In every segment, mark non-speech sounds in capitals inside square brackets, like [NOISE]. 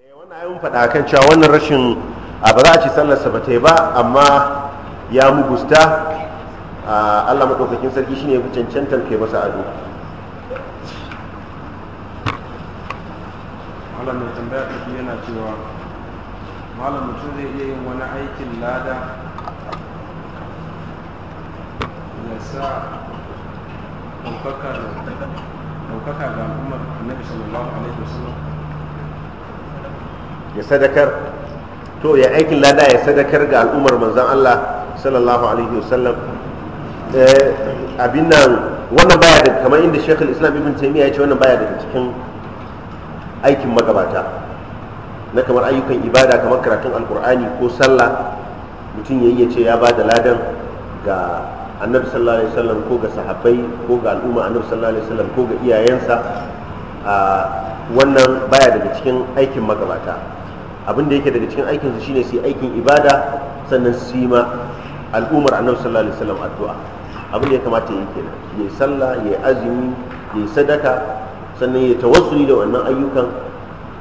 Eh, wannan ayyun faɗa kan cewa wannan rashin ba za a ci sallarsa ba ta yi ba amma ya mugusta allah maɗaukakin sarki shine ya fi cancantar kai masa ado malam mai tambaya ta yana cewa malam mutum zai iya yin wani aikin lada ya sa ɗaukaka ga Umar annabi sallallahu alaihi wasallam ya sadakar to ya aikin lada ya sadakar ga al'ummar manzan Allah sallallahu alaihi wasallam eh, abin nan wannan baya da kamar inda shekul islam ibn Taymiyyah ya ce wannan baya daga cikin aikin magabata na kamar ayyukan ibada kamar karatun alkur'ani ko sallah mutum ya iya ce ya ba da ladan ga annabi sallallahu alaihi wasallam ko ga sahabbai ko ga al'umma annabi sallallahu alaihi wasallam ko ga iyayensa ah, wannan baya daga cikin aikin magabata abin da yake daga cikin aikin su shine su yi aikin ibada sannan su yi ma al'ummar annabi sallallahu alaihi wasallam addu'a abin da ya kamata yi kenan ya sallah ya azumi ya sadaka sannan ya tawassuli da wannan ayyukan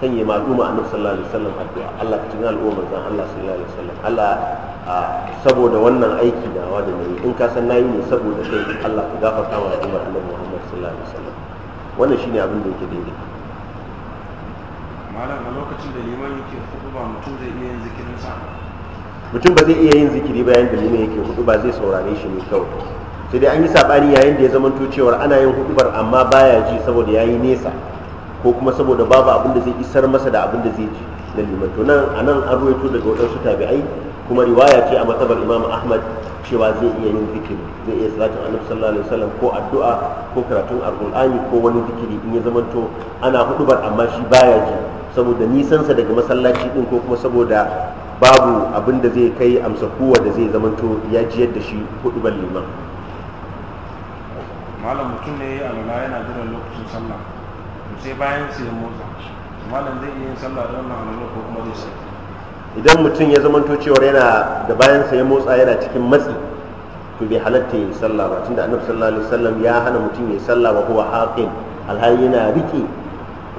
kan ya ma'luma annabi sallallahu alaihi wasallam addu'a Allah cikin al'ummar zan Allah sallallahu alaihi wasallam Allah saboda wannan aiki da wa da nayi in ka san nayi ne saboda kai Allah ka gafarta wa al'ummar annabi Muhammad sallallahu alaihi wasallam wannan shine abin da yake daidai malam a lokacin da liman yake ba mutum zai iya yin zikirin sa mutum ba zai iya yin zikiri ba yayin da liman yake ba zai saurare shi ne kawai sai dai an yi sabani yayin da ya zamanto cewa ana yin huɗubar amma baya ji saboda yayi nesa ko kuma saboda babu abin da zai isar masa da abin da zai ji na liman to nan anan an ruwaito daga wadansu tabi'ai kuma riwaya ce a matsabar imam ahmad cewa zai iya yin zikiri zai iya salatin annabi sallallahu alaihi wasallam ko addu'a ko karatun alqur'ani ko wani zikiri in ya zamanto ana hudubar amma shi baya ji saboda nisansa daga masallaci din ko kuma saboda babu abin da zai kai amsa kowa da zai zamanto ya jiyar da shi hudu ban liman malam mutum ne ya alwala yana jiran lokacin sallah to sai bayan sai ya motsa malam zai iya yin sallah da wannan alwala ko kuma zai sai idan mutum ya zamanto cewar yana da bayan sai ya motsa yana cikin matsi to bai halatta yin sallah ba tunda annabi sallallahu alaihi wasallam ya hana mutum ya sallah ba huwa haqin alhali yana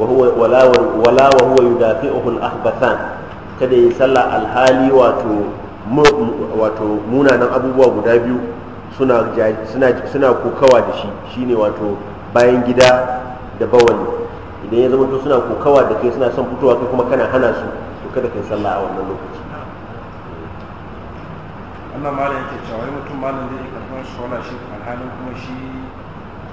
وهو ولا ولا وهو يدافعه الأحبثان kada ya sallah alhali wato wato munanan abubuwa guda biyu suna suna suna kokawa da shi shine wato bayan gida da bawali idan ya zama to suna kokawa da kai suna son fitowa kai kuma kana hana su to kada kai sallah a wannan lokaci wannan malam yake cewa mutum malam zai yake karɓar sola shi alhalin kuma shi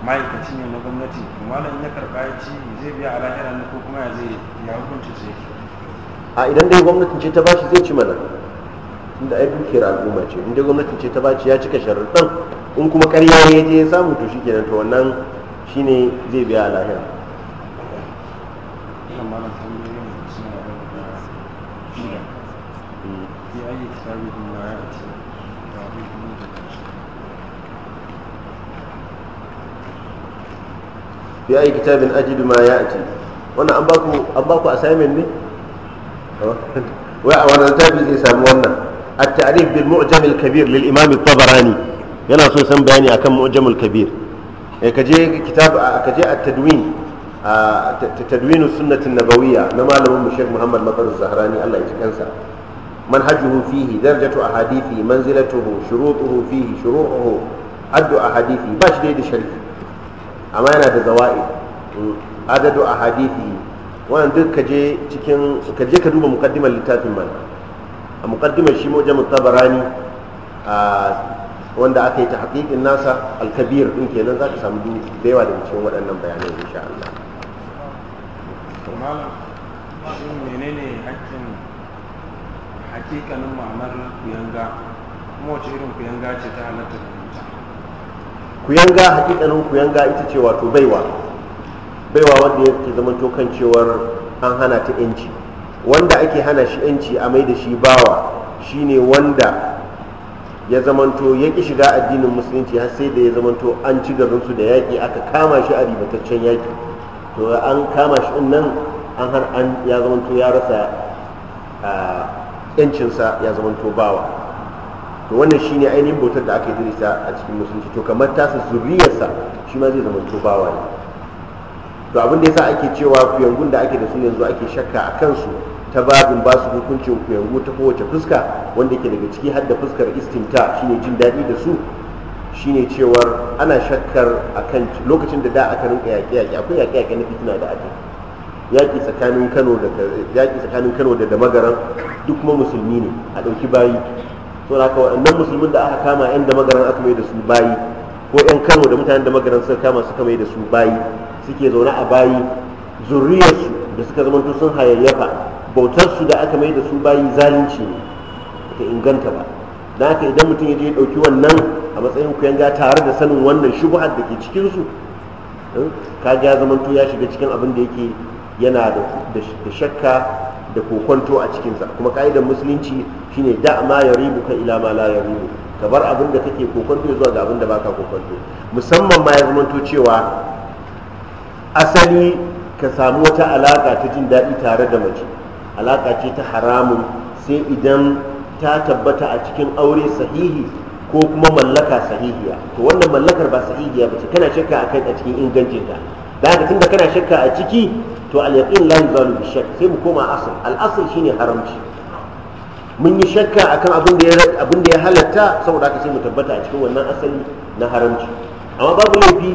ma'aikaci ne na gwamnati malam ya karɓa ya ci zai biya a lahira na ko kuma ya zai ya hukunci sai a idan dai gwamnatin ce ta bashi zai ci mana inda ai dukiyar al'umma ce inda gwamnatin ce ta bashi ya cika sharuɗan in kuma ƙarya ya je ya samu to kenan to wannan shine zai biya a lahira في أي كتاب أجد ما يأتي وأنا أباكو أباكو أسامين لي أه؟ [LAUGHS] وأنا نتابع إسام وأنا التعريف بالمعجم الكبير للإمام الطبراني أنا سو سن بياني أكم معجم الكبير إيه، كجي كتاب كجي التدوين آه، تدوين السنة النبوية نما لهم الشيخ محمد مطر الزهراني الله يتكنسى منهجه فيه درجة أحاديثه منزلته شروطه فيه شروعه عد أحاديثه باش ديد شريف amma yana da zawa'i mm. adadu a hadithi wannan duk ka je cikin ka je ka duba mukaddimar littafin man a mukaddimar shi mu moja mutabarani a wanda aka yi ta haƙiƙin nasa alkabir ɗin kenan za ka samu da yawa daga cikin waɗannan bayanai insha Allah. Malam, menene hakkin hakikanin ma'amar kuyanga kuma wace irin kuyanga ce ta halatta ku kuyanga hakikanin yanga ita ce wato baiwa baiwa wanda ke zama tokan kan cewar an hana ta yanci wanda ake hana shi yanci a mai da shi bawa shine wanda ya zamanto ya ki shiga addinin musulunci har sai da ya zamanto an ci su da yaƙi aka kama shi a ribataccen yaƙi to an kama shi nan an har an ya zamanto ya rasa ah, yancinsa ya zamanto bawa to wannan shine ainihin bautar da aka yi a cikin musulunci to kamar tasa zuriyarsa shi ma zai zama to bawa ne to abin da yasa ake cewa kuyangun da ake da su yanzu ake shakka a kansu ta babin ba su hukuncin kuyangu ta kowace fuska wanda ke daga ciki har da fuskar istinta shine jin daɗi da su shine cewar ana shakkar a kan lokacin da da aka rinka yaƙe-yaƙe akwai yaƙe-yaƙe na fitina da ake yaƙi tsakanin kano da yaƙi tsakanin kano da damagaran duk kuma musulmi ne a ɗauki bayi to haka waɗannan musulmin da aka kama yan da magaran aka mai da su bayi ko yan kano da mutanen da magaran suka kama suka mai da su bayi suke zaune a bayi zurriyarsu da suka zamanto sun hayayyafa bautarsu da aka mai da su bayi zalunci ne ta inganta ba da haka idan mutum ya je ɗauki wannan a matsayin ga tare da sanin wannan shubuhar da ke cikin su eh, kaga ya zamanto ya shiga cikin abin da yake yana da shakka da kokonto a cikinsa kuma ka'idar musulunci shine da ma ya ribu ka ila ma la ya ribu ka bar abin da kake kokonto zuwa ga abin da baka kokonto musamman ma ya zamanto cewa asali ka samu wata alaka ta jin daɗi tare da mace alaka ce ta haramun sai idan ta tabbata a cikin aure sahihi ko kuma mallaka sahihiya to wannan mallakar ba sahihiya ba ce kana shakka akan a cikin ingancinta da haka tunda kana shakka a ciki to al-yaqin la yuzalu bi shakk sai mu koma asal al-asal shine haramci mun yi shakka akan abin da ya abin da ya halatta saboda haka sai mu tabbata a cikin wannan asali na haramci amma babu laifi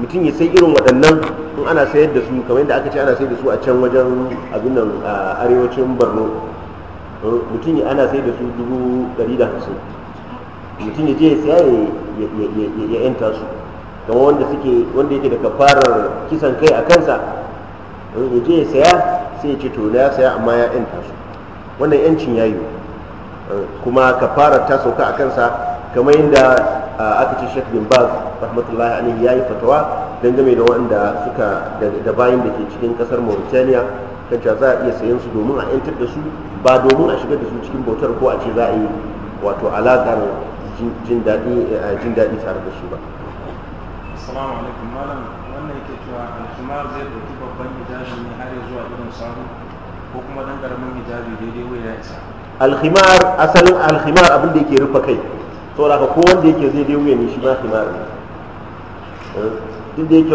mutum ya sai irin waɗannan in ana sayar da su kamar yadda aka ce ana sayar da su a can wajen abin nan a arewacin borno eh, mutum ya ana sayar da su dubu ɗari da hamsin mutum ya je ya saya ya yanta su kamar wanda suke wanda yake da kafarar kisan kai a kansa ya je ya saya sai ya ce to na saya amma ya yanta su wannan yancin ya yi kuma fara ta sauka a kansa kamar yadda aka ci shek bin baz rahmatullahi alaihi ya yi fatawa game da wanda suka da bayan da ke cikin kasar mauritania kan za a iya sayan su domin a yantar da su ba domin a shigar da su cikin bautar ko a ce za a yi wato alaƙar jin daɗi tare da su ba. Assalamu alaikum malam wannan yake cewa alhimar zai dauki. samu ko kuma dan karamin hijabi daidai wai ya isa alkhimar asalin alkhimar abin da yake rufe kai saboda ka ko wanda yake zai dai wuya ne shi ma khimar ne duk da yake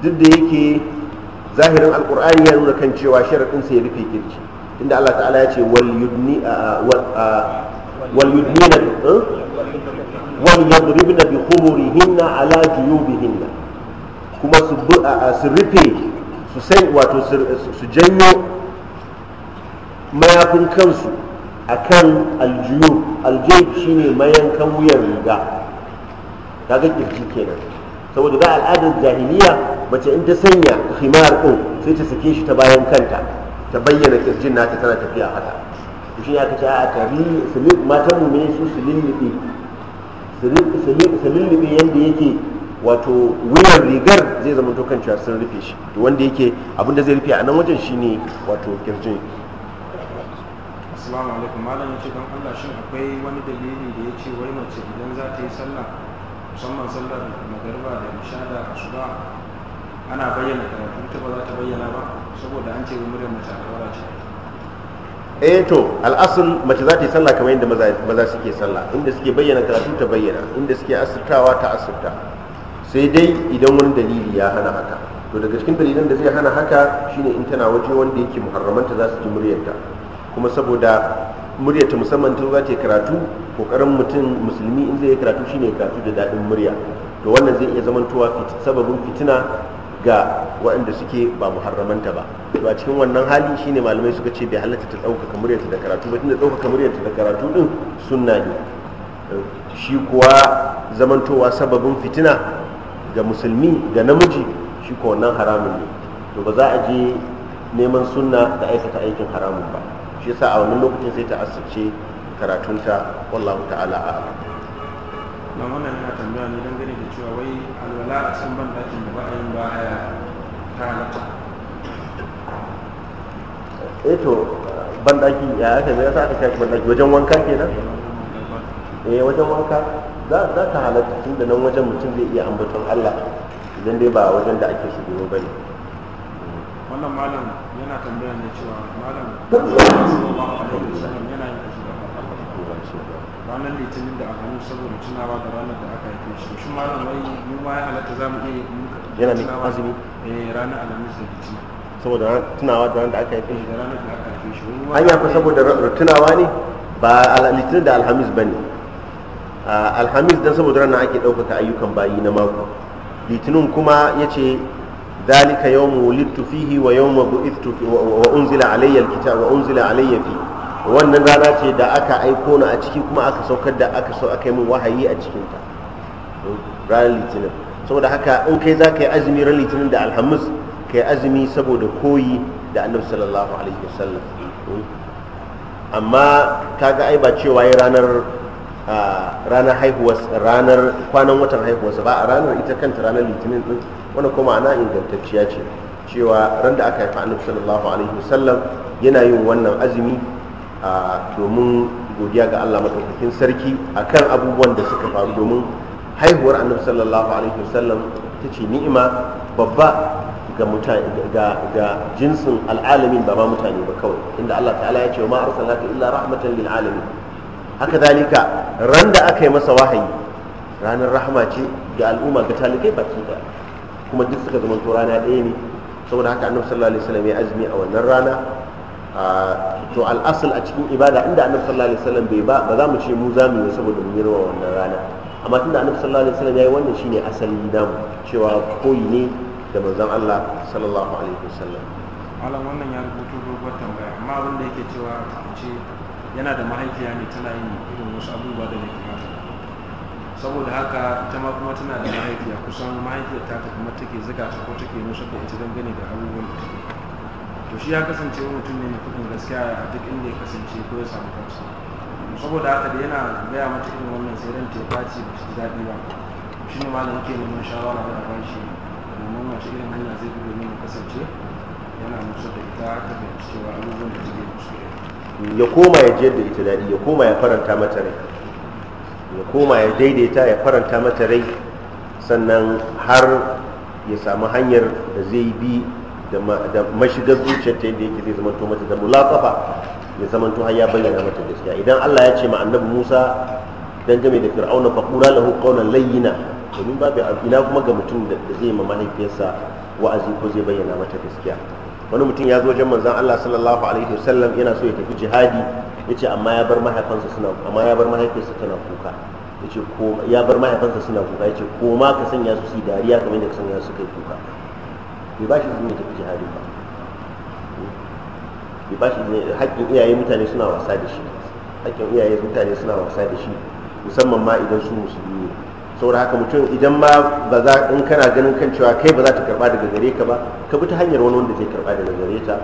duk da yake zahirin alkur'ani ya nuna kan cewa sharaɗin sai ya rufe kirki inda Allah ta'ala ya ce wal yudni wal yudnina eh? wal yadribna bi khumurihinna ala juyubihinna kuma su rufe su sai wato su janyo mayafin kansu a kan aljiyu aljiyu shine mayankan wuyan riga kaga kirji kenan saboda da al'adar jahiliya mace in ta sanya himar ɗin sai ta sake shi ta bayan kanta ta bayyana kirjin nata tana tafiya haka shi ya kace a tari matan mu ne su su lullube. su lullube yadda yake wato wuyar rigar zai zama to kan cewa sun rufe shi to wanda yake abin da zai rufe a nan wajen shi ne wato kirjin asalamu alaikum malam yace don Allah shin akwai wani dalili da ya ce wai mace idan za ta yi sallah musamman sallar magarba da nishada a ba ana bayyana karatu ta ba za ta bayyana ba saboda an ce muryar mace a ce eh to al'asul mace za ta yi sallah kamar yadda maza suke sallah inda suke bayyana karatu ta bayyana inda suke asirtawa ta asirta sai dai idan wani dalili ya hana haka to daga cikin dalilan da zai hana haka shine in tana waje wanda yake muharramanta za su ji muryarta kuma saboda muryarta musamman ta za ta karatu kokarin mutum musulmi in zai yi karatu shine karatu da daɗin murya to wannan zai iya zamantowa sababin fitina ga waɗanda suke ba muharramanta ba to a cikin wannan hali shine malamai suka ce bai halatta ta ɗaukaka muryarta da karatu ba tunda ɗaukaka muryarta da karatu ɗin sunna ne shi kuwa zamantowa sababin fitina ga musulmi ga namiji shi ko wannan haramun ne to ba za a je neman sunna da aikata aikin haramun ba shi yasa a wannan lokacin sai ta asirce karatunta wallahu ta'ala a'lam na wannan yana tambaya ne don gani da cewa wai alwala a cikin ban dakin da ba a yin ba a ta halatta eh to ban daki ya aka ne yasa aka kai ban daki wajen wanka kenan eh wajen wanka za ta halatta tun da nan wajen mutum zai iya ambaton Allah idan dai ba wajen da ake shigo ba ne wannan malam yana tambaya ne cewa malam sallallahu alaihi wasallam yana yin kashi ranar litinin da alhamis saboda tunawa da ranar da aka haife shi shi ma wai mu ma ya halatta mu iya yin yana ne azumi eh ranar alhamis da litinin saboda tunawa da ranar da aka haife shi eh, da ranar da aka haife shi hanya ko saboda tunawa ne ba litinin da alhamis ba ne. alhamis dan saboda ranar ake ɗaukaka ayyukan bayi na mako litinin kuma ya ce wa yau ولدت فيه wa unzila alayyar kita wa unzila alayyar fi wannan rana ce da aka aiko na a ciki kuma aka saukar da aka so aka yi min wahayi a cikin ta ranar litinin saboda haka in kai za ka yi azumi ran litinin da alhamis ka yi azumi saboda koyi da annabi sallallahu alaihi wasallam amma kaga ai ba cewa yi ranar ranar ranar kwanan watan haihuwarsa ba a ranar ita kanta ranar litinin din wani kuma ana ingantacciya ce cewa ran da aka haifa annabi sallallahu alaihi wasallam yana yin wannan azumi domin godiya ga Allah madaukakin sarki akan abubuwan da suka faru domin haihuwar annabi sallallahu alaihi wasallam ta ce ni'ima babba ga jinsin al'alamin ba ma mutane ba kawai inda Allah ta'ala ya ce ma arsalnaka illa rahmatan lil alamin haka zalika ran da aka yi masa wahayi ranar rahama ce ga al'umma ga talibai baki da kuma duk suka zama to rana ɗaya ne saboda haka annabi sallallahu alaihi wasallam ya azumi a wannan rana to al'asul a cikin ibada inda annabi sallallahu alaihi wasallam bai ba ba za mu ce mu za mu yi saboda mu girma wannan rana amma tunda annabi sallallahu alaihi wasallam ya yi wannan shine asali namu cewa koyi ne da manzon Allah sallallahu alaihi wasallam malam wannan ya rubuto dogon tambaya amma abin da yake cewa ce yana da mahaifiya ne tana yin irin wasu abubuwa da nake kamata. saboda haka ita ma kuma tana da mahaifiya kusan mahaifiyar ta kuma take zuga ta ko take nusar da ita dangane da abubuwan da take to shi ya kasance mutum ne na kudin gaskiya a duk inda ya kasance ko ya samu kansa saboda haka da yana gaya mata irin wannan sai ran ta ba su daɗi ba shi ne da ke neman shawara da ba shi domin wace irin hanya zai bi domin kasance yana musu da ita ta fahimci cewa abubuwan da take musu ya koma ya jiyar da ita daɗi ya koma ya faranta mata rai ya koma ya daidaita ya faranta mata rai sannan har ya samu hanyar da zai bi da mashigar zuciyar ta yadda yake zai to mata da mulaƙafa ya zamanto har ya bayyana mata gaskiya idan Allah ya ce ma annabi Musa dangane da fir'auna fa qura lahu qawlan layyina domin babu ina kuma ga mutum da zai ma mahaifiyarsa wa'azi ko zai bayyana mata gaskiya wani mutum ya zo wajen manzon Allah sallallahu alaihi wasallam yana so ya tafi jihadi yace amma ya bar mahaifansa suna amma ya bar mahaifinsa tana kuka yace ko ya bar mahaifansa suna kuka yace ko ma ka sanya su su dariya kamar da ka sanya su kai kuka bai ba shi izini tafi jihadi ba bai ba shi izini haƙƙin iyaye mutane suna wasa da shi haƙƙin iyaye mutane suna wasa da shi musamman ma idan su musulmi ne saboda haka mutum idan ma ba za in kana ganin kan cewa kai ba za ta karba daga gare ka ba ka bi ta hanyar wani wanda zai karba daga gare ta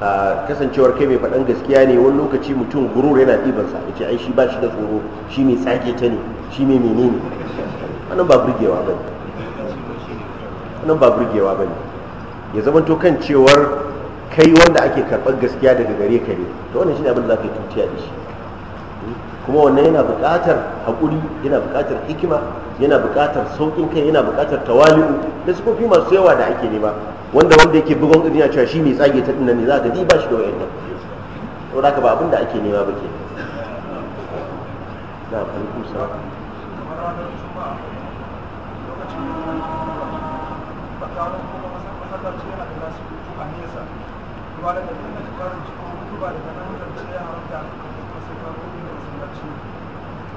a kasancewar kai mai faɗan gaskiya ne wani lokaci mutum gurur yana ɗiban sa ce ai shi ba shi da tsoro shi mai tsage ta ne shi mai ne wannan ba burgewa ba ne wannan ba burgewa ba ne ya zamanto kan cewar kai wanda ake karɓar gaskiya daga gare ka ne to wannan shi ne abin da za ka yi tutiya da shi kuma wannan yana buƙatar haƙuri yana buƙatar hikima yana buƙatar sauƙin kai yana buƙatar tawali'u da sufofi masu yawa da ake nema wanda wanda yake bugon irin ya cewa shi mai tsage ta ɗin ne za ka ba shi da wayannan saboda haka ba abin da ake nema ba ke na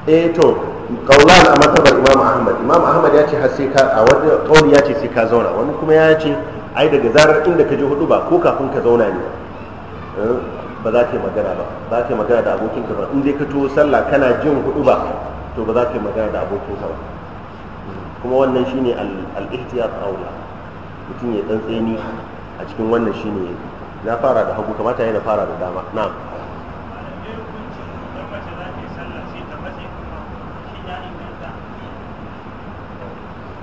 eh to kaulan a matabar imam ahmad imam ahmad ya ce har sai ka a wani kauli ya ce sai ka zauna wani kuma ya ce ai daga zarar inda ka ji hudu ba ko kafin ka zauna ne eh, ba za ka yi magana ba za ka yi magana da ka ba in dai ka to sallah kana jin hudu ba to ba za ka yi magana da ka ba kuma wannan shine al-ihtiyat aula mutum ya dan tseni a cikin wannan shine na fara da hagu kamata yana fara da dama na'am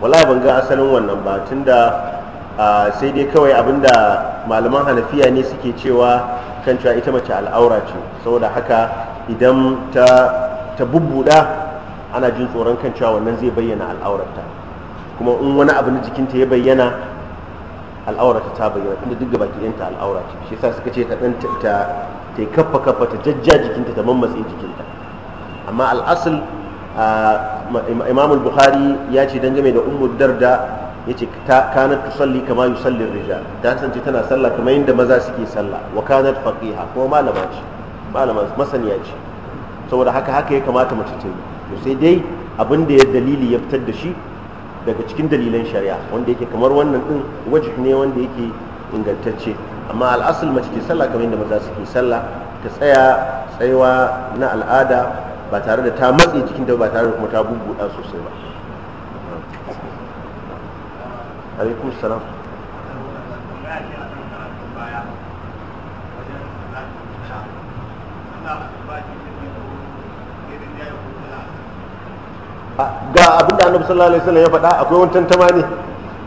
wala ban ga asalin wannan ba da sai dai kawai abinda malaman hanafiya ne suke cewa kan cewa ita mace al'aura ce saboda haka idan ta ta bubbuda ana jin tsoron kan cewa wannan zai bayyana al'aurarta kuma in wani abu na jikinta ya bayyana al'aurarta ta bayyana tunda duk gaba ɗayanta al'aura ce shi yasa suka ce ta ɗan ta ta kaffa kaffa ta jajja jikinta ta mammatsi jikinta amma al'asul imam Buhari ya ce dangane da ummu darda ya ce kanat tusalli kama yusallin rija ta kasance tana sallah kamar yadda maza suke sallah wa kanat faqiha kuma malama ce malama masaniya ce saboda haka haka ya kamata mace ta yi to sai dai abin da ya dalili ya fitar da shi daga cikin dalilan shari'a wanda yake kamar wannan din wajib ne wanda yake ingantacce amma al'asul mace ke sallah kamar yadda maza suke sallah ta tsaya tsayawa na al'ada ba tare da ta matse jikin dabba ba tare da kuma ta bubbuɗa sosai ba salam ga abin da annabi sallallahu alaihi wasallam ya faɗa akwai wancan tamani ne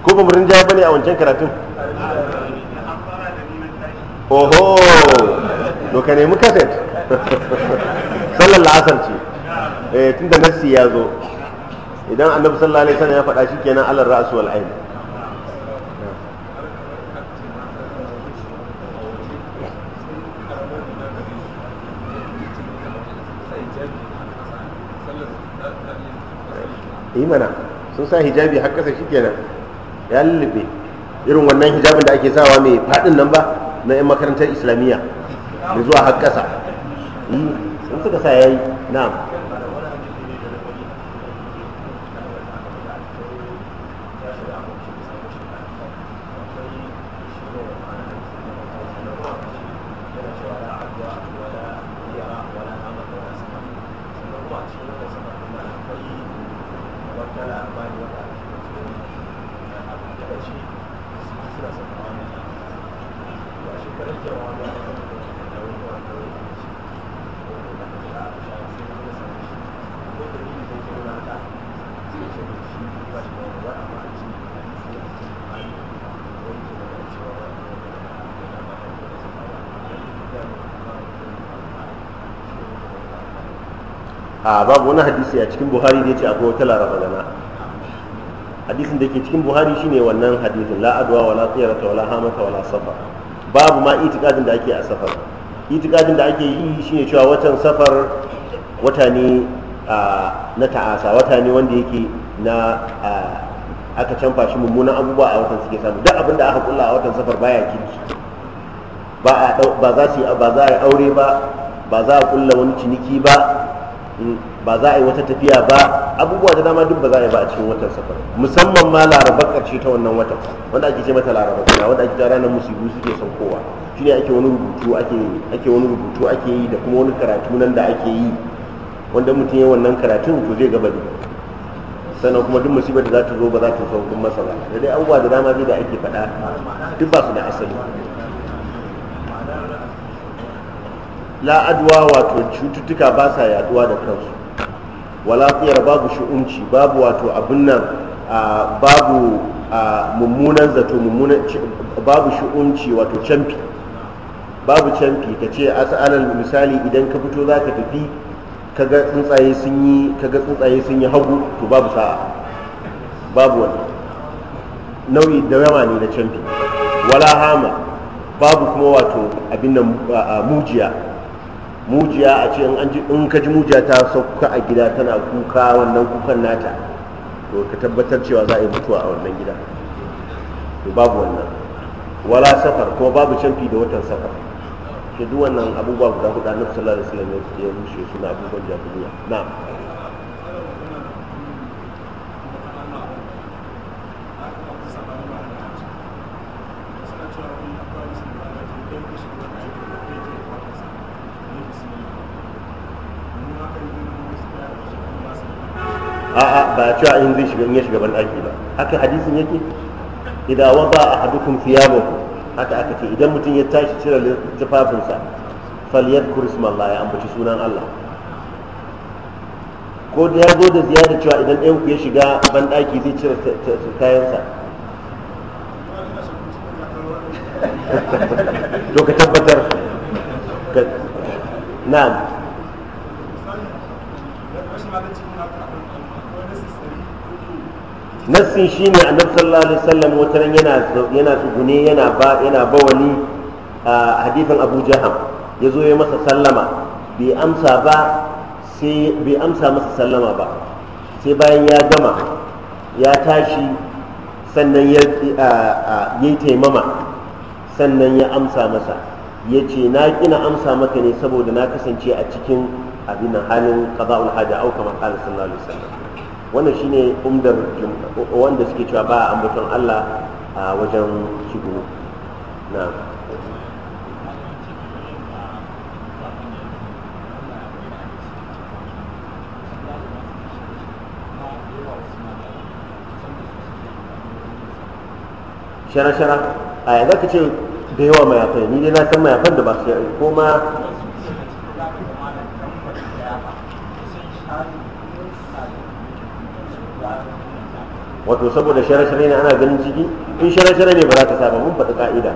ko ba murin jaya bane a wancan karatun oho to ka nemi kaset [LAUGHS] sallar la'asar ce tun eh, tunda nassi ya zo idan annabi sallallahu alaihi wasallam ya faɗa shi kenan alal ra'su wal ayn imana eh, sun sa hijabi har kasa shikenan ya lullube irin wannan hijabin da ake sawa mai faɗin nan ba na 'yan makarantar islamiyya da zuwa har kasa hmm. in suka sa yayi na'am Thank you. a babu wani hadisi a cikin buhari da ya ce akwai wata laraba gana hadisin da ke cikin buhari shine wannan hadisin la adwa wala tsiyarata wala hamata wala safar babu ma itikadin da ake a safar itikadin da ake yi shine cewa watan safar wata ne na ta'asa wata ne wanda yake na aka canfa shi mummunan abubuwa a watan suke samu duk abin da aka kulla a watan safar baya kirki ba za su ba za a aure ba ba za a kulla wani ciniki ba ba za a yi wata tafiya ba abubuwa da dama duk ba za a yi ba a cikin watan safar musamman ma larabar karshe ta wannan watan wanda ake ce mata larabar kuma wanda ake na musibu suke saukowa shine ake wani rubutu ake ake wani rubutu ake yi da kuma wani karatu nan da ake yi wanda mutum ya wannan karatun ko zai gaba ne sannan kuma duk musibar da za ta zo ba za ta saukin masa ba da dai abubuwa da dama zai da ake faɗa duk ba su da asali la'adwa wato cututtuka ba sa yaduwa da kansu wala tsayar babu shi'unci babu wato abin nan babu mummunan zato mummunan babu shi'unci wato canfi babu canfi ka ce a asalan misali idan ka fito za ka tafi kaga tsuntsaye sun yi kaga tsuntsaye sun yi hagu to babu sa'a babu wani nau'i da yawa ne na canfi wala hama babu kuma wato abin nan mujiya mujiya a ce in ka ji mujiya ta sauka a gida tana kuka wannan kukan nata to ka tabbatar cewa za a yi mutuwa a wannan gida to babu wannan wala safar kuma babu canfi da watan safar ke duk wannan abubuwa guda hudu na sallallahu alaihi wasallam ya rushe suna abubuwan jahiliya na'am ba cewa in zai shiga in ya shiga ban daki ba haka hadisin yake idza wada ahadukum thiyabahu haka aka ce idan mutum ya tashi cire tufafinsa falyadhkur ismallahi ya ambaci sunan Allah ko da ya zo da ziyara cewa idan ɗayan ku ya shiga ban daki zai cire kayansa [LAUGHS] to ka tabbatar na'am nassi shine a sallallahu alaihi wasallam wata ran yana yana tsugune yana ba yana wani a hadithin Abu Jaham yazo ya masa sallama bai amsa ba sai bai amsa masa sallama ba sai bayan ya gama ya tashi sannan ya yi taimama sannan ya amsa masa ya ce na kina amsa maka ne saboda na kasance a cikin abin halin qada'ul haja au kamar qala sallallahu alaihi wasallam wannan shine umdar wanda suke cewa ba a ambaton Allah a wajen shigo na shara-shara a yanzu ka ce da yawa mayafai ni dai na san mayafan da ba su ko ma wato saboda shara-shara ne ana ganin ciki in shara-shara ne ba za ta sa ba mun faɗi ka'ida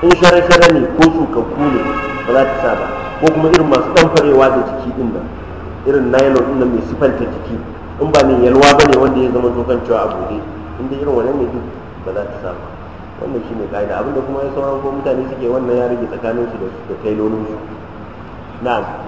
in shara-shara ne ko tsukakku ne ba za ta sa ba ko kuma irin masu ɗanfarewa da jiki ɗin nan irin nylon ɗin nan mai sifanta jiki in ba mai yalwa ba ne wanda ya zama tokan cewa a bude, inda irin wannan ne duk ba za ta sa ba shi ne ka'ida abinda kuma ya sauran ko mutane suke wannan ya rage tsakaninsu da tailolinsu na'am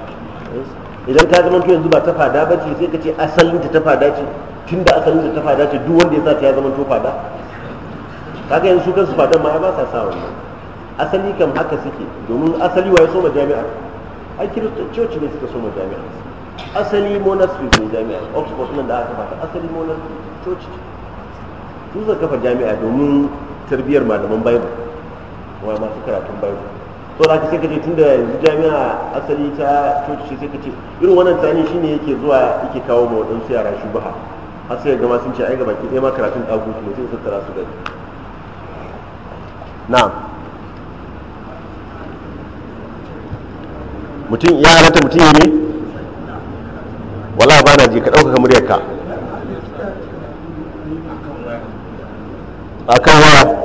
idan ta zama yanzu ba ta fada ba ce sai ka ce asalin ta fada ce tun da asalin ta fada ce duk wanda ya sa ta ya zama to fada kaga yanzu su kansu fadan ma ya ba sa sa wannan asali kam haka suke domin asali waye so ma jami'a ai coci ne suka so ma jami'a asali monastery ne jami'a oxford nan da aka fata asali monastery coci su zaka kafa jami'a domin tarbiyyar malaman bible wa masu karatun bible saboda ka sai ka je tun da yanzu jami'a asali ta coci sai ka ce irin wannan tsanin shine yake zuwa yake kawo ma waɗansu yara baha har sai gama sun ce ai gaba ki ɗaya ma karatun su ne sai tattara su gari na mutum ya rata mutum ne wala ba na je ka ɗaukaka muryarka a kan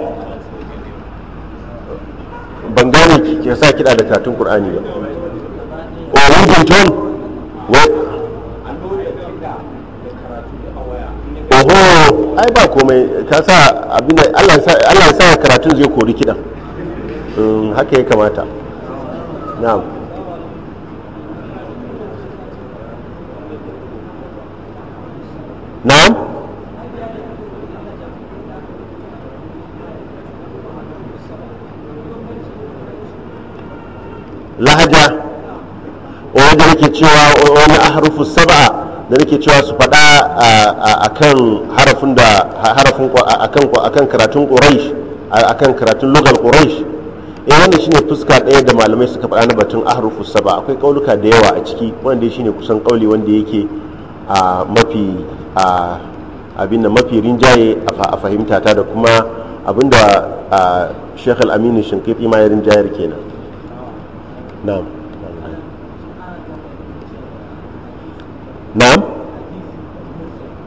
kiɗa da katun ƙur'ani ba o wujin tom oho ai ba komai ka sa abinda allah sa karatun zai kori kiɗan mm, haka ya kamata na'am lahaja wanda nake cewa wani harufu sab'a da nake cewa su faɗa a kan harafin da harafin a kan karatun quraish a kan karatun lugal quraish eh wannan shine fuska ɗaya da malamai suka faɗa na batun harufu sab'a akwai ƙauluka da yawa a ciki wanda shine kusan kauli wanda yake a mafi abin da mafi rinjaye a fahimta ta da kuma abin da shekhal aminu shinkafi ma ya rinjayar kenan na'am na'am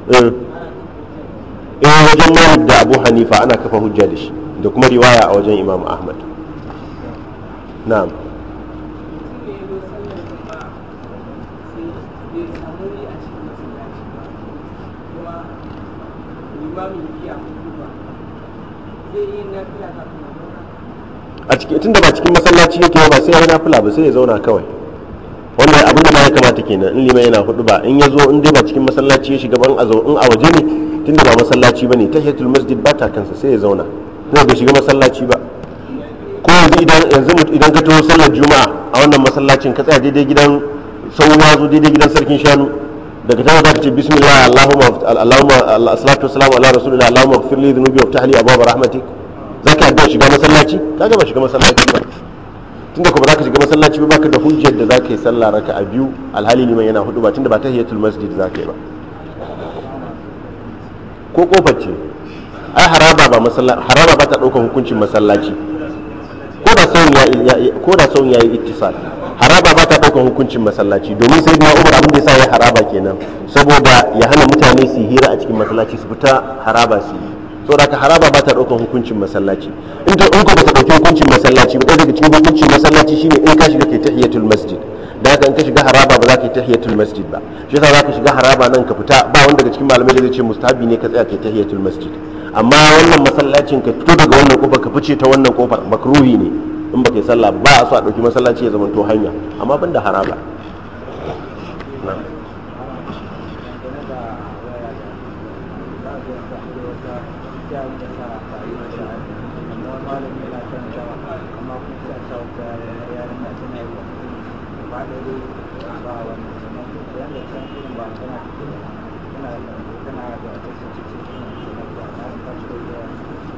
in eh. eh, wajen malik da abu hanifa ana kafa hujja da shi da kuma riwaya a wajen imam ahmad na'am Thank you. cikin da ba cikin masallaci yake ba sai ya fila ba sai ya zauna kawai wannan abin da ya kamata kenan in liman yana hudu ba in ya zo in dai ba cikin masallaci ya shiga ban a in a waje ne tun da ba masallaci bane tahiyatul masjid ba ta kansa sai ya zauna tunda bai shiga masallaci ba ko yanzu idan yanzu idan ka taho sallar juma'a a wannan masallacin ka tsaya daidai gidan sauwa zo daidai gidan sarkin shanu daga ta zaka ce bismillah allahumma allahumma salatu wassalamu ala rasulillah allahumma firli dhunubi wa tahli abwa rahmatik ba shiga masallaci kaga ba shiga masallaci ba tunda ko ba za ka shiga masallaci ba baka da hujjar da za ka yi sallah raka a biyu alhali liman yana hudu ba tunda ba tahiyatul masjid za ka yi ba ko kofar ce ai haraba ba masallaci haraba ba ta ɗaukar hukuncin masallaci ko da sauyin ya ko da sauyin yayi ittisal haraba ba ta ɗaukar hukuncin masallaci domin sai na umar abin da yasa ya haraba kenan saboda ya hana mutane su hira a cikin masallaci su fita haraba su yi saboda ka haraba ba ta ɗaukar hukuncin masallaci in ta in ko ba ta ɗauki hukuncin masallaci ba daga cikin hukuncin masallaci shine in ka shiga kai tahiyatul masjid da haka in ka shiga haraba ba za ka yi tahiyatul masjid ba shi yasa za ka shiga haraba nan ka fita ba wanda daga cikin malamai zai ce mustahabi ne ka tsaya kai tahiyatul masjid amma wannan masallacin ka fito daga wannan kofar ka fice ta wannan kofar makruhi ne in baka kai sallah ba a so a ɗauki masallaci ya zama to hanya amma ban da haraba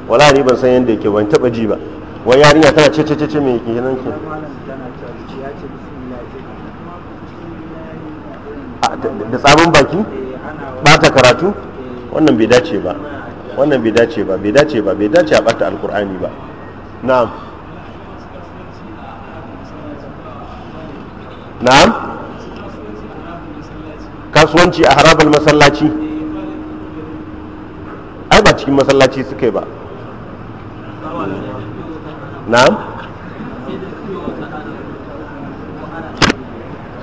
wala ban san yadda yake ban taba ji ba wai yarinya tana ce ce ce me yake nan ke da tsamin baki bata karatu wannan bai dace ba wannan bai dace ba bai dace ba bai dace a bata alkur'ani ba na'am na'am kasuwanci a harabar masallaci ai ba cikin masallaci suka ba na'am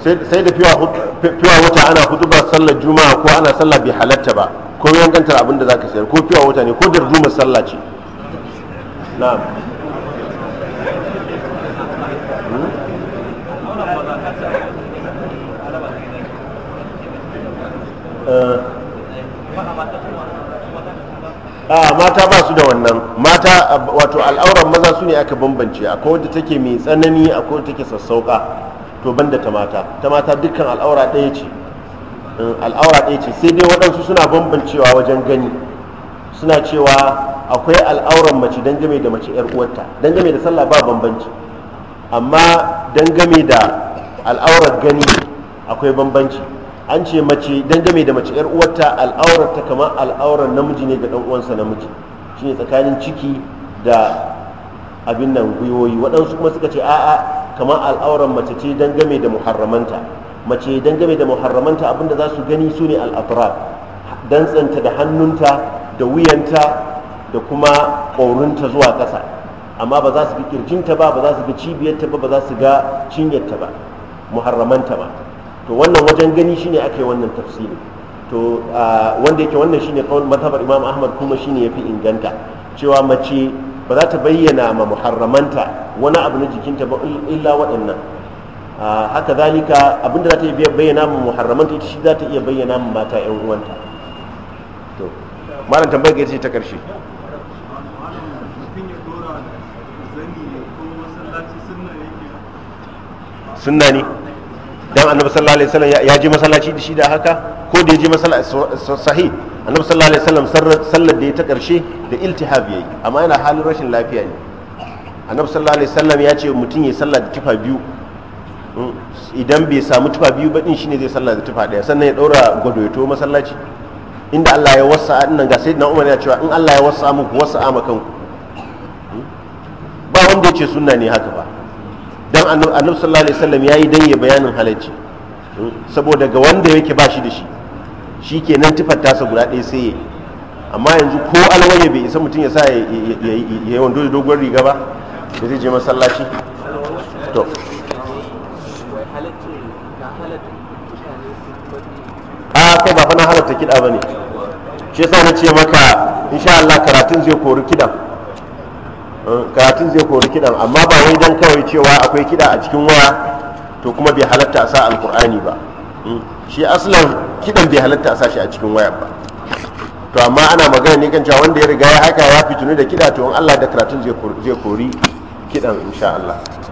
sai da fiwa wata ana hutubar sallar juma'a ko ana sallar bai halatta ba ko yankantar abinda da za ka sayar ko fiwa wata ne ko dardumar sallah na'am wato al'auran maza su ne aka bambance akwai wadda take mai tsanani akwai wadda take sassauka to banda ta mata ta mata dukkan al'aura ɗaya ce mm, al'aura ɗaya ce sai dai waɗansu suna bambancewa wajen gani suna cewa akwai al'auran mace dangame da mace yar uwarta dangame da sallah ba bambanci amma dangame da al'aurar gani akwai bambanci an ce mace dangame da mace yar uwarta al'aurar ta kamar al'aurar namiji ne ga dan uwansa namiji shine tsakanin ciki da abin nan gwiwoyi waɗansu kuma suka ce a'a kamar al'auran mace ce game da muharramanta mace game da muharramanta abinda za su gani su ne al'afrar dantsanta da hannunta da wuyanta da kuma ƙorinta zuwa ƙasa amma ba za su fi ƙirjinta ba ba za su fi cibiyarta ba ba za su ga cinyarta ba muharramanta ba to wannan wajen gani shine aka yi wannan tafsiri to ah, wanda yake wannan shine kawai mazhabar imam ahmad kuma shine fi inganta cewa mace ba za ta bayyana ma muharramanta wani abu na jikinta ba illa waɗannan ah, haka zalika abinda za ta iya bayyana ma muharramanta ita shi za ta iya bayyana ma mata yan uwanta to malam tambayar ga ta karshe sunna ne dan annabi sallallahu alaihi wasallam ya je masallaci da shi da haka ko da ya je masallaci sahih annabi sallallahu alaihi wasallam sallar da ya ta karshe da iltihab yayi amma yana halin rashin lafiya ne annabi sallallahu alaihi wasallam ya ce mutum ya sallar da tufa biyu hmm, idan bai samu tufa biyu ba din shine zai sallar da tufa daya sannan ya daura gwado ya to masallaci inda Allah ya wasa nan ga sayyidina Umar ya cewa in Allah ya wasa muku wasa maka kanku hmm, ba wanda ya ce sunna ne haka ba annabi sallallahu alaihi wasallam yayi dan ya bayanin halacci hmm? saboda ga wanda yake ba shi da shi shi kenan tufar tasa guda ɗaya sai yi amma yanzu ko alwaye bai isa mutum ya sa ya yi wando dogon riga ba da zai je masallaci to a ko ba fa na halatta kiɗa ba ne shi yasa na ce maka insha Allah karatun zai kori kiɗan Eh, karatun zai kori kidan amma ba wai don kawai cewa akwai kida a cikin waya to kuma bai halatta a sa alkur'ani ba hmm. shi asalin kidan bai halatta a sa shi a cikin waya ba to amma ana magana ne kan cewa wanda ya riga ya haka ya fitinu da kida to in Allah da karatun zai kori kidan insha Allah